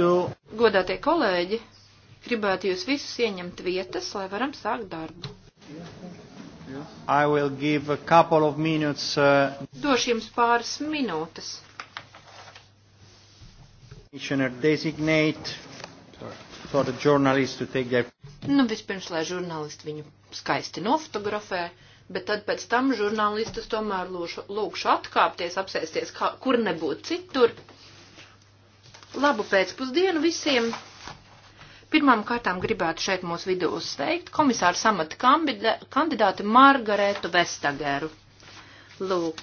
To... Godātie kolēģi, gribētu jūs visus ieņemt vietas, lai varam sākt darbu. Minutes, uh... Došu jums pāris minūtes. Their... Nu, vispirms, lai žurnālisti viņu skaisti nofotografē bet tad pēc tam žurnālistus tomēr lūšu, lūkšu atkāpties, apsēsties, kā, kur nebūtu citur. Labu pēcpusdienu visiem! Pirmām kārtām gribētu šeit mūsu vidū sveikt komisāru samata kandidāti Margaretu Vestageru. Lūk,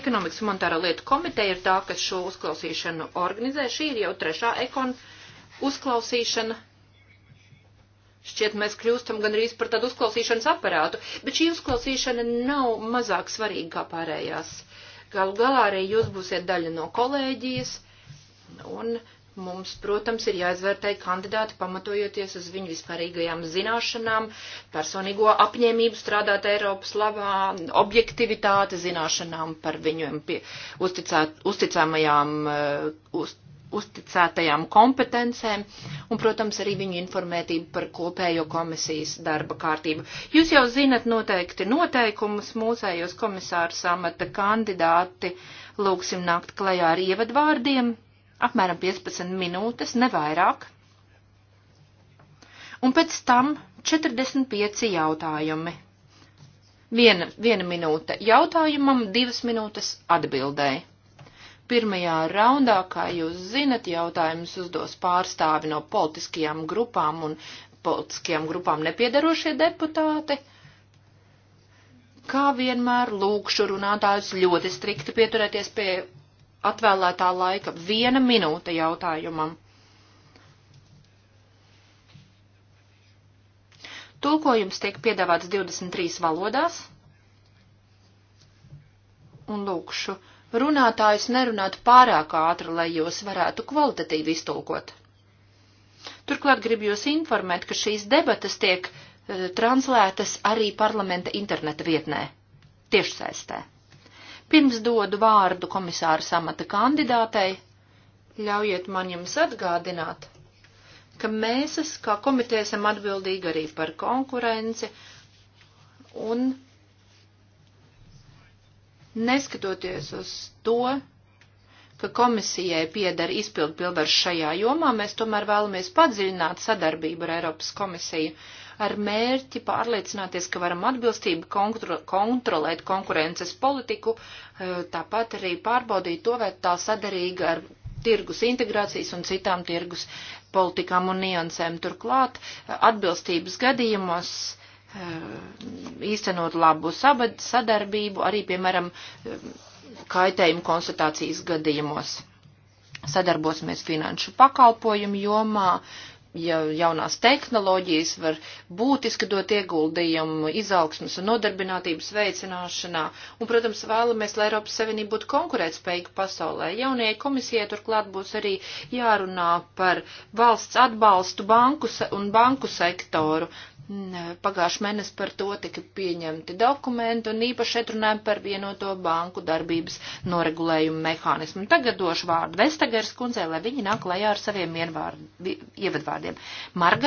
Ekonomikas un monetāro lietu komiteja ir tā, kas šo uzklausīšanu organizē. Šī ir jau trešā ekon uzklausīšana Šķiet, mēs kļūstam gandrīz par tādu uzklausīšanas aparātu, bet šī uzklausīšana nav mazāk svarīga kā pārējās. Galu galā arī jūs būsiet daļa no kolēģijas, un mums, protams, ir jāizvērtē kandidāti pamatojoties uz viņu vispārīgajām zināšanām, personīgo apņēmību strādāt Eiropas labā, objektivitāti zināšanām par viņiem pie, uzticā, uzticamajām, eh, uz, uzticētajām kompetencēm un, protams, arī viņu informētību par kopējo komisijas darba kārtību. Jūs jau zinat noteikti noteikumus mūsējos komisāru samata kandidāti. Lūksim nākt klajā ar ievadvārdiem, apmēram 15 minūtes, nevairāk. Un pēc tam 45 jautājumi. Viena, viena minūte jautājumam, divas minūtes atbildēji. Pirmajā raundā, kā jūs zinat, jautājumus uzdos pārstāvi no politiskajām grupām un politiskajām grupām nepiedarošie deputāti. Kā vienmēr lūkšu runātājus ļoti strikti pieturēties pie atvēlētā laika. Viena minūte jautājumam. Tulkojums tiek piedāvāts 23 valodās. Un lūkšu runātājus nerunātu pārāk ātri, lai jūs varētu kvalitatīvi iztulkot. Turklāt gribu jūs informēt, ka šīs debatas tiek uh, translētas arī parlamenta interneta vietnē, tiešsaistē. Pirms dodu vārdu komisāra samata kandidātei, ļaujiet man jums atgādināt, ka mēs, kā komiteja, esam atbildīgi arī par konkurenci un Neskatoties uz to, ka komisijai piedara izpildu pilnvaru šajā jomā, mēs tomēr vēlamies padziļināt sadarbību ar Eiropas komisiju ar mērķi pārliecināties, ka varam atbilstību kontro, kontrolēt konkurences politiku, e, tāpat arī pārbaudīt to, vai tā sadarīga ar tirgus integrācijas un citām tirgus politikām un niansēm. Turklāt e, atbilstības gadījumos Eh, īstenot labu sadarbību arī, piemēram, eh, kaitējumu konstatācijas gadījumos. Sadarbosimies finanšu pakalpojumu jomā, ja jaunās tehnoloģijas var būtiski dot ieguldījumu izaugsmas un nodarbinātības veicināšanā, un, protams, vēlamies, lai Eiropas Savienība būtu konkurētspējīga pasaulē. Jaunajai komisijai turklāt būs arī jārunā par valsts atbalstu banku un banku sektoru, Pagājuši mēnesi par to tika pieņemti dokumenti un īpaši šeit runājam par vienoto banku darbības noregulējumu mehānismu. Tagad došu vārdu Vestagers kundzei, lai viņi nāk lajā ar saviem ievadvārdiem. Marga